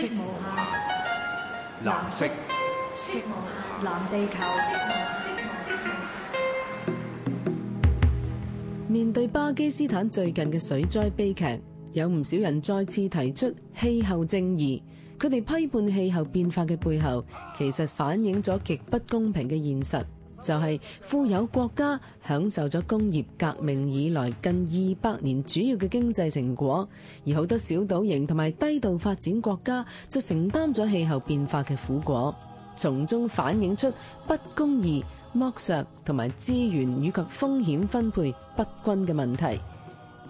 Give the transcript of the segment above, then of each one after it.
藍色，藍色，藍地球。面對巴基斯坦最近嘅水災悲劇，有唔少人再次提出氣候正義。佢哋批判氣候變化嘅背後，其實反映咗極不公平嘅現實。就係、是、富有國家享受咗工業革命以來近二百年主要嘅經濟成果，而好多小島型同埋低度發展國家就承擔咗氣候變化嘅苦果，從中反映出不公義、剝削同埋資源以及風險分配不均嘅問題。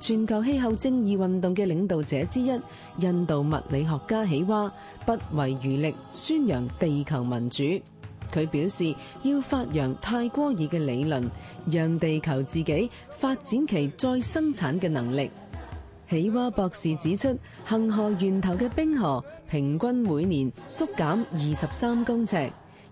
全球氣候正義運動嘅領導者之一，印度物理學家喜華，不遺餘力宣揚地球民主。佢表示要發揚泰戈爾嘅理論，讓地球自己發展其再生產嘅能力。喜娃博士指出，恒河源頭嘅冰河平均每年縮減二十三公尺，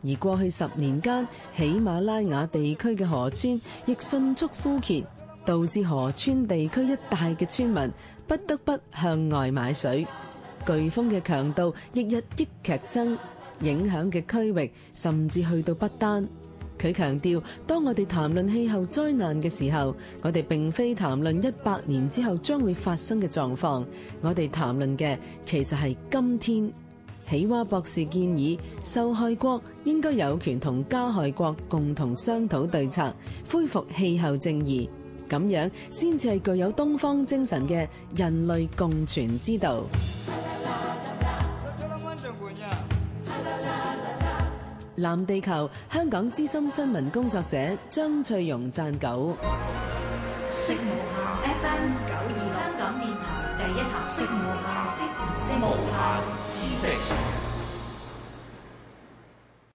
而過去十年間，喜馬拉雅地區嘅河川亦迅速枯竭，導致河川地區一帶嘅村民不得不向外買水。颶風嘅強度亦日益劇增。影響嘅區域，甚至去到不丹。佢強調，當我哋談論氣候災難嘅時候，我哋並非談論一百年之後將會發生嘅狀況，我哋談論嘅其實係今天。喜娃博士建議，受害國應該有權同加害國共同商討對策，恢復氣候正義，咁樣先至係具有東方精神嘅人類共存之道。藍地球，香港資深新聞工作者張翠容撰稿。